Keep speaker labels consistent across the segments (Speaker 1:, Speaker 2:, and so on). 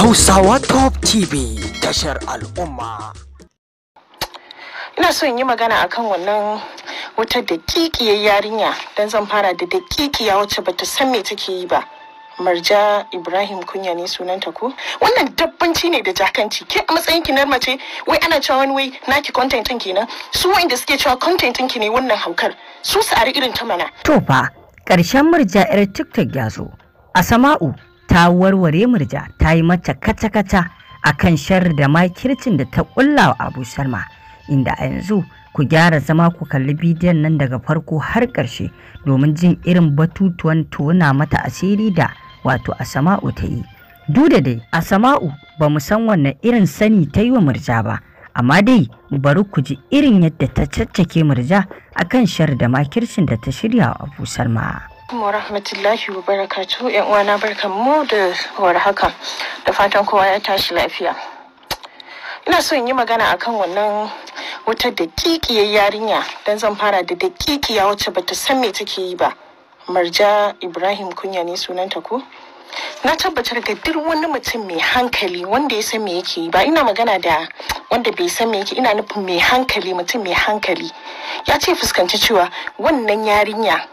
Speaker 1: Hausawa Top TV tashar al'umma. Ina so in yi magana akan wannan wata kikiyar yarinya don zan fara da kikiya wacce bata san me take yi ba. Marja Ibrahim Kunya ne sunanta ko? Wannan dabbanci ne da jakanci. Ke a matsayin ki mace wai ana cewa wani wai naki content ɗin kenan. Su wa'inda suke cewa content ki ne wannan haukar. Su sa'ari irin ta mana.
Speaker 2: To fa, ƙarshen Marja 'yar TikTok ya zo. A sama'u ta warware murja ta yi mata kaca-kaca a kan shar da makircin da ta ƙulla wa abu salma inda a yanzu ku gyara zama ku kalli bidiyon nan daga farko har ƙarshe domin jin irin batutuwan tona mata asiri da wato asama'u ta yi duk da dai asama'u ba mu san wannan irin sani ta yi wa murja ba amma dai bari ku ji irin yadda ta caccake murja akan shar da makircin da ta shirya wa abu salma
Speaker 1: alaikum wa rahmatullahi wa barakatu yan uwana barkan mu da war haka, da fatan kowa ya tashi lafiya ina so in yi magana akan wannan wata kikiyar yarinya dan zan fara da dakikiya wacce bata san me take yi ba marja ibrahim kunya ne sunanta ko na tabbatar ga duk wani mutum mai hankali wanda ya san me yake yi ba ina magana da wanda bai san me yake ina nufin mai hankali mutum mai hankali ya ce fuskanci cewa wannan yarinya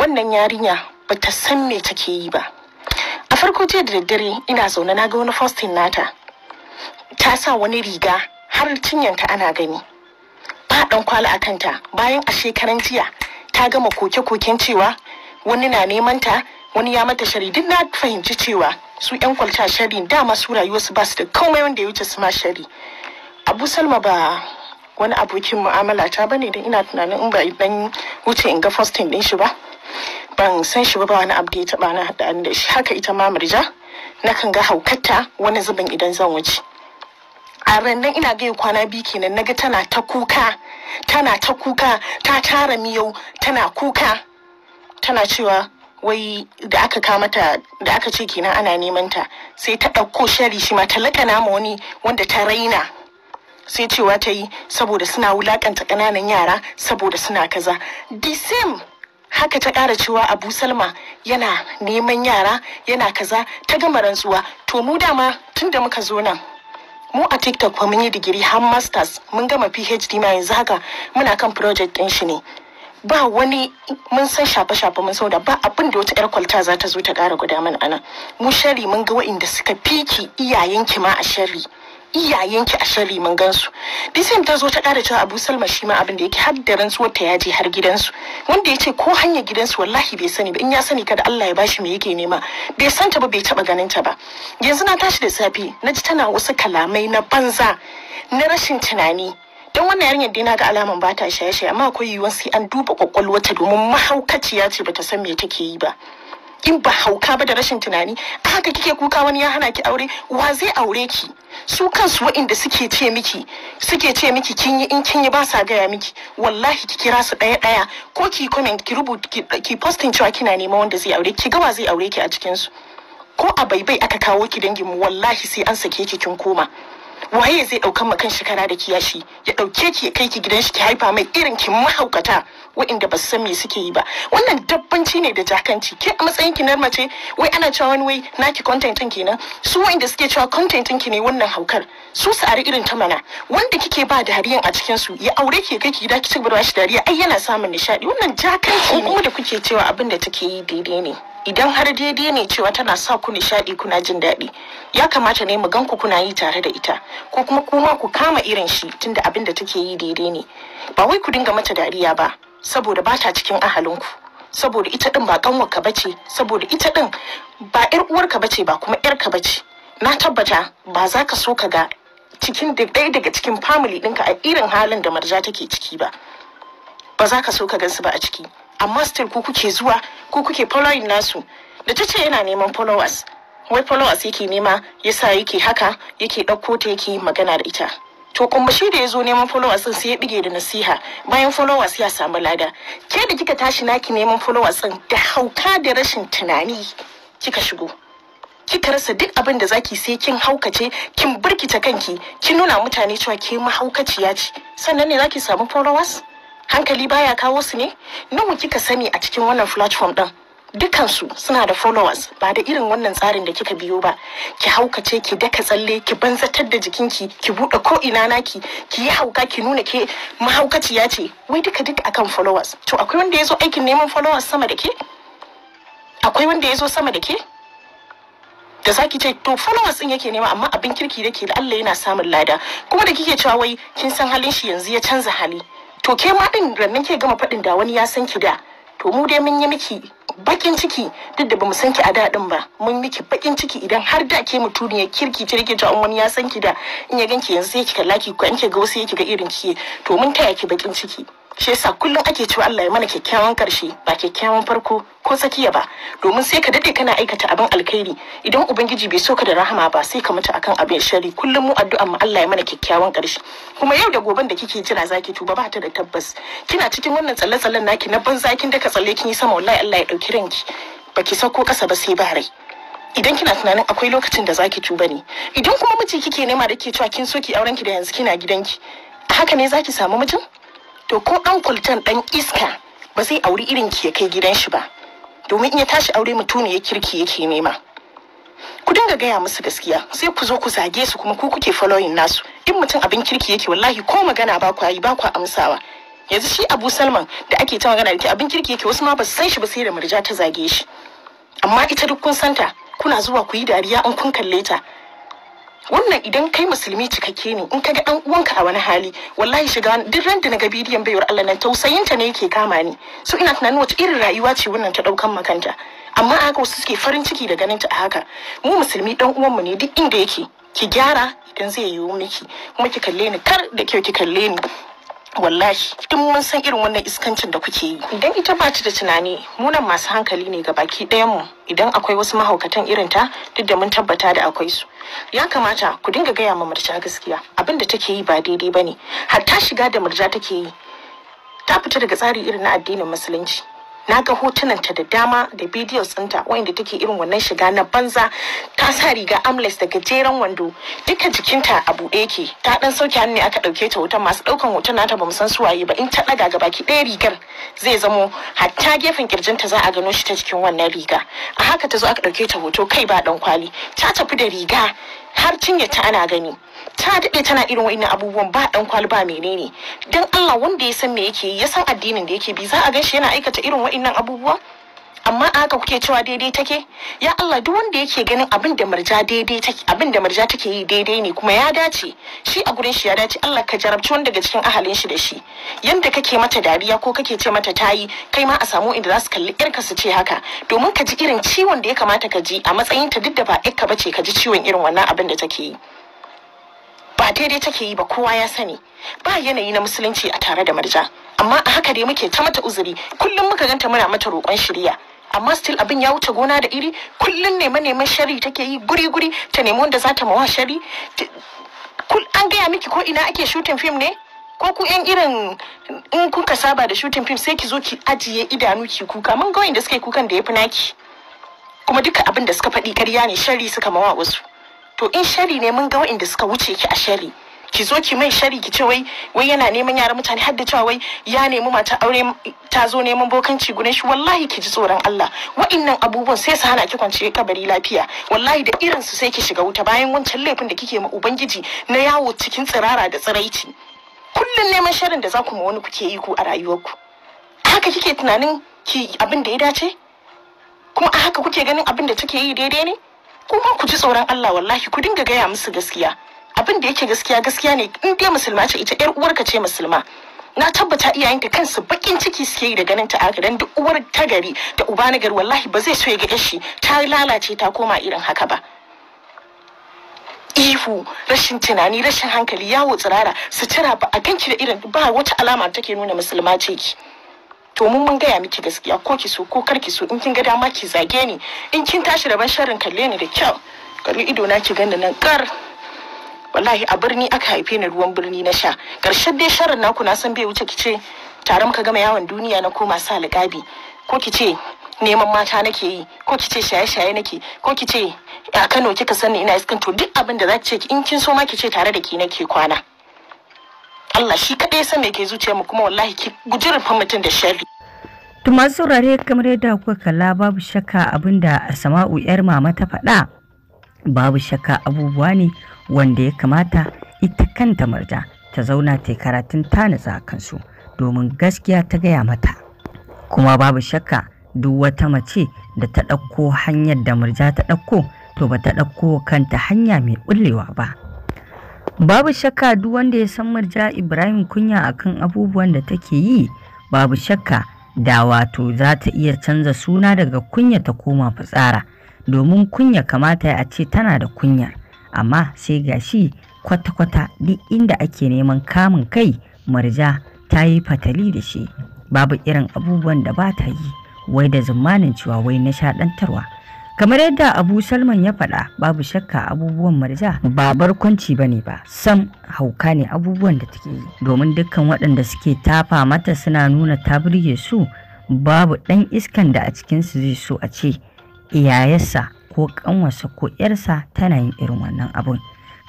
Speaker 1: wannan yarinya ba ta san me take yi ba a farko jiya da daddare ina zaune na ga wani fostin nata ta sa wani riga har cinyanta ana gani ba dan kwala a kanta bayan a shekaran jiya ta gama koke-koken cewa wani na neman ta wani ya mata shari duk na fahimci cewa su yan kwalta shari dama su rayuwarsu ba su da komai wanda ya wuce su ma shari abu salma ba wani abokin mu'amala ta bane da ina tunanin in ba dan wuce in ga fostin din shi ba ban san shi ba ba wani abu da ya taɓa na haɗa da shi haka ita ma murja nakan ga haukata wani zubin idan zan wuce a rannan ina gaya kwana biyu kenan naga tana ta kuka tana ta kuka ta tara miyau tana kuka tana cewa wai da aka kamata da aka ce kenan ana neman ta sai ta ɗauko shari shi ma talaka na ma wani wanda ta raina sai cewa ta yi saboda suna wulaƙanta ƙananan yara saboda suna kaza the same haka ta ƙara cewa abu salma yana neman yara yana kaza ta gama rantsuwa to mu dama tun da muka zo nan mu a tiktok fa mun yi digiri har masters mun gama phd ma yanzu haka muna kan project ɗin shi ne ba wani mun san shafe-shafe mun sauda ba abin da wata 'yar kwalta za ta zo ta ƙara guda mana ana mu shari mun ga wa'inda suka fiki iyayen ki ma a shari iyayenki a sharri mun gansu bisim ta zo ta kara cewa abu salma shi ma abin da yake har da rantsuwar ta yaje har gidansu wanda ya ce ko hanyar gidansu wallahi bai sani ba in ya sani kada Allah ya bashi me yake nema bai san ta ba bai taɓa ganin ta ba yanzu na tashi da safe na ji tana wasu kalamai na banza na rashin tunani don wannan yarinyar dai na ga alaman ba ta shaye-shaye amma akwai yiwuwar sai an duba kwakwalwata domin mahaukaciya ce bata san me take yi ba. in ba hauka ba da rashin tunani a haka kike kuka wani ya hana ki aure wa zai aure ki su kansu waɗanda suke ce miki suke ce miki kin yi in kin yi ba sa gaya miki wallahi ki kira su ɗaya ɗaya ko ki comment ki rubuta ki posting cewa kina nema wanda zai aure ki ga wa zai aure ki a cikin su ko a baibai aka kawo ki dangin mu wallahi sai an sake ki kin koma waye zai ɗaukan ma kan shekara da kiyashi ya ɗauke ki ya kai ki gidan shi ki haifa mai irin kin mahaukata waɗanda ba san me suke yi ba wannan dabbanci ne da jakanci ke a matsayin ki mace wai ana cewa wani wai naki content din kenan su waɗanda suke cewa content din ki ne wannan haukar su sari irin ta mana wanda kike ba da dariyan a cikin su ya aure ke kake ki da ki cigaba da shi dariya ai yana samun nishadi wannan jakanci ne kuma da kuke cewa abin da take yi daidai ne idan har daidai ne cewa tana sa ku nishaɗi kuna jin daɗi ya kamata ne mu gan ku kuna yi tare da ita ko kuma kuma ku kama irin shi tunda abin da take yi daidai ne ba wai ku dinga mata dariya ba saboda ba ta cikin ahalinku saboda ita din ba kanwarka bace saboda ita din ba yar uwarka bace ba kuma yarka bace na tabbata ba za ka so ka ga cikin ɗaya daga cikin family ɗinka a irin halin da marja take ciki ba ba za ka so ka gansu ba a ciki amma still ku kuke zuwa ku kuke following nasu da ta ce yana neman followers wai followers yake nema yasa yake haka yake ɗauko ta yake magana da ita to kuma shi da ya zo neman followers din sai ya bige da nasiha bayan followers ya samu lada ke da kika tashi naki neman followers da hauka da rashin tunani kika shigo kika rasa duk abin da zaki sai kin haukace kin birkita kanki kin nuna mutane cewa ke mahaukaciya ce sannan ne zaki samu followers hankali baya kawo su ne nawa kika sani a cikin wannan platform din dukansu suna da followers ba da irin wannan tsarin da kika biyo ba ki haukace ki daka tsalle ki banzatar da jikinki ki buɗe ko ina naki ki yi hauka ki nuna ke mahaukaciya ce wai duka duk akan followers to akwai wanda ya zo aikin neman followers sama da ke akwai wanda ya zo sama da ke da zaki ce to followers din yake nema amma abin kirki da ke da Allah yana samun lada kuma da kike cewa wai kin san halin shi yanzu ya canza hali to ke ma din rannan ke gama faɗin da wani ya san ki da to mu dai mun yi miki bakin ciki duk da bamu san ki a daɗin ba mun miki bakin ciki idan har da ke ya kirki ta rike an ya san ki da in ya ganki yanzu sai ki kalla ki ko in ki ga wasu yake ga irin ki to mun taya ki bakin ciki shi yasa kullum ake cewa Allah ya mana kyakkyawan karshe ba kyakkyawan farko ko tsakiya ba domin sai ka dade kana aikata abin alkhairi idan ubangiji bai so ka da rahama ba sai ka mutu akan abin shari kullum mu addu'a mu Allah ya mana kyakkyawan karshe kuma yau da goben da kike jira zaki tuba ba ta da tabbas kina cikin wannan tsalle-tsallen naki na banza kin ka tsalle kin yi sama wallahi Allah ya dauki ranki baki sauko kasa ba sai ba rai idan kina tunanin akwai lokacin da zaki tuba ne idan kuma miji kike nema da ke cewa kin so ki aurenki da yanzu kina gidanki haka ne zaki samu mijin to ko ɗan kwaljan ɗan iska ba zai aure irin ki ya kai gidan shi ba domin in ya tashi aure mutune ya kirki yake nema ku dinga gaya musu gaskiya sai ku zo ku zage su kuma ku kuke following nasu in mutum abin kirki yake wallahi ko magana ba ku yi ba ku amsawa yanzu shi abu salman da ake ta magana da abin kirki yake wasu ma ba su san shi ba sai da murja ta zage shi amma ita duk kun santa kuna zuwa ku yi dariya in kun kalle ta wannan idan kai musulmi cikakke ne in ka ga ɗan uwanka a wani hali wallahi shiga duk ran da na ga bidiyon baiwar Allah nan tausayinta ne yake kama ni so ina tunanin wace irin rayuwa ce wannan ta daukan makanta amma a haka wasu suke farin ciki da ganin ta a haka mu musulmi dan mu ne duk inda yake ki gyara idan zai yiwu miki kuma ki kalle ni kar da kyau ki kalle ni wallahi duk mun san irin wannan iskancin da kuke yi idan ita ba ta da tunani munan masu hankali ne ga baki ɗayan idan akwai wasu mahaukatan irin ta duk da mun tabbata da akwai su ya kamata ku dinga gaya ma murja gaskiya abin da take yi ba daidai ba bane hatta shiga da murja take yi ta fita daga tsari irin na addinin musulunci na ga hotunanta da dama da bidiyo tsinta wanda take irin wannan shiga na banza ta sa riga amles da gajeren wando duka jikinta a buɗe ke ta dan sauke hannu ne aka ɗauke ta hoton masu ɗaukan hoton nata bamu san su waye ba in ta ɗaga ki ɗaya rigar zai zamo hatta gefen kirjinta za a gano shi ta cikin wannan riga a haka ta zo aka ɗauke ta hoto kai ba ɗan kwali ta tafi da riga har cinye ta ana gani ta daɗe tana irin wa'in abubuwan ba ɗan ba menene don Allah wanda ya san me yake yi ya san addinin da yake bi za a gan shi yana aikata irin wa'in abubuwa amma a haka kuke cewa daidai take ya Allah duk wanda yake ganin abin da marja daidai take abin da murja take yi daidai ne kuma ya dace shi a gurin shi ya dace Allah ka jarabci wanda daga cikin ahalin shi da shi yanda kake mata dariya ko kake ce mata tayi kai ma a samu inda za su kalli yarka su ce haka domin ka ji irin ciwon da ya kamata ka ji a matsayinta duk da ba yarka bace ka ji ciwon irin wannan abin da take yi ba daidai take yi ba kowa ya sani ba yanayi na musulunci a tare da marja amma a haka dai muke ta mata uzuri kullum muka ganta muna mata roƙon shirya amma still abin ya wuce gona da iri kullum nema neman shari take yi guri guri ta nemi wanda za ta mawa shari an gaya miki ko ina ake shooting film ne ko ku yan irin in kuka saba da shooting film sai ki zo ki ajiye idanu ki kuka mun ga wanda suka yi kukan da ya fi naki kuma duka abin da suka faɗi karya ne shari suka mawa wasu to in shari ne mun ga wa'inda suka wuce ki a shari ki zo ki mai shari ki ce wai wai yana neman yaran mutane har da cewa wai ya nemi mata aure ta zo neman bokanci gudun shi wallahi ki ji tsoron Allah wa'innan abubuwan sai su hana ki kwance kabari lafiya wallahi da irin su sai ki shiga wuta bayan wancan laifin da kike ma ubangiji na yawo cikin tsirara da tsiraici Kullum neman sharin da za ku ma wani kuke yi ku a rayuwarku haka kike tunanin ki abin da ya dace kuma a haka kuke ganin abin da take yi daidai ne kuma ku ji tsoron Allah wallahi ku dinga gaya musu gaskiya abin da yake gaskiya gaskiya ne in dai musulma ce ita yar uwarka ce musulma na tabbata iyayenka kansu bakin ciki suke yi da ganin ta aka dan duk uwar ta gari da uba na gari wallahi ba zai so ya ga shi ta lalace ta koma irin haka ba ihu rashin tunani rashin hankali yawo tsirara sutura ba a ganki da irin ba wata alama take nuna musulma ce ki to mun mun gaya miki gaskiya ko ki so ko kar ki so in kin ga dama ki zage ni in kin tashi da ban sharrin kalle ni da kyau kalli ido na ki ganda nan kar wallahi a birni aka haife ni ruwan birni na sha karshen dai sharrin naku na san bai wuce kice ce tare muka gama yawon duniya na koma sa alƙabi ko ki neman mata nake yi ko ki shaye-shaye nake ko ki a Kano kika sani ina iskan to duk abin da za ki ce in kin so ma ki ce tare da ki nake kwana Allah shi kadai ya me ke zuciya mu kuma wallahi ki guji rufin mutum da shari
Speaker 2: to masu saurare kamar yadda kuka kalla babu shakka abinda Sama'u yar mama ta faɗa babu shakka abubuwa ne wanda ya kamata ita kanta marja ta zauna ta karatun ta nutsa kansu domin gaskiya ta gaya mata kuma babu shakka duk wata mace da ta ɗauko hanyar da murja ta ɗauko to ba ta ɗauko kanta hanya mai ɓullewa ba Babu shakka duk wanda ya san Murja Ibrahim kunya akan abubuwan da take yi, babu shakka da wato za ta iya canza suna daga kunya ta koma fitsara, domin kunya kamata a ce tana da kunya Amma sai gashi kwata-kwata duk inda ake neman kamun kai Murja ta yi fatali da shi. Babu irin abubuwan da ba ta yi, wai da zumanin cewa wai nishaɗantarwa. kamar yadda abu salman ya faɗa babu shakka abubuwan marja ba barkwanci bane ne ba sam hauka ne abubuwan da take yi domin dukkan waɗanda suke tafa mata suna nuna ta burge su babu ɗan iskan da a cikinsu zai so a ce iyayensa ko ƙanwarsa ko ‘yarsa tana yin irin wannan abun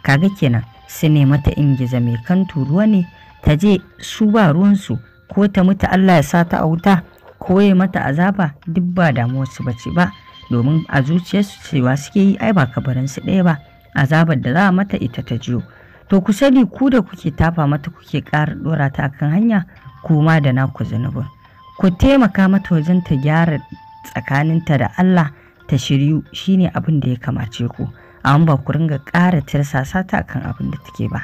Speaker 2: kaga kenan su ne mata ingiza mai kantu ruwa ne ta je su ba ruwansu ko ta mutu allah ya sa ta a wuta ko ya mata azaba duk ba damuwarsu bace ba domin a zuciyarsu cewa suke yi ai ba kabarinsu ɗaya ba azabar da za mata ita ta jiyo to ku sani ku da kuke tafa mata kuke ƙara ɗora ta akan hanya ku ma da ku zunubin ku taimaka mata wajen ta gyara tsakaninta da Allah ta shiryu shine abin da ya kamace ku amma ba ku ringa ƙara tirsasa ta akan abin da take ba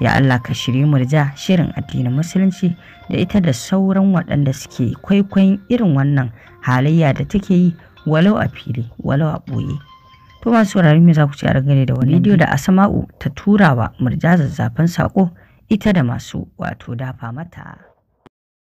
Speaker 2: ya Allah ka shiri murja shirin addinin musulunci da ita da sauran waɗanda suke kwaikwayon irin wannan halayya da take yi walau a fili walau a ɓoye to ba saurari me za ku ci a dangane da wani bidiyo da asama'u ta tura wa murja zazzafan sako ita da masu wato dafa mata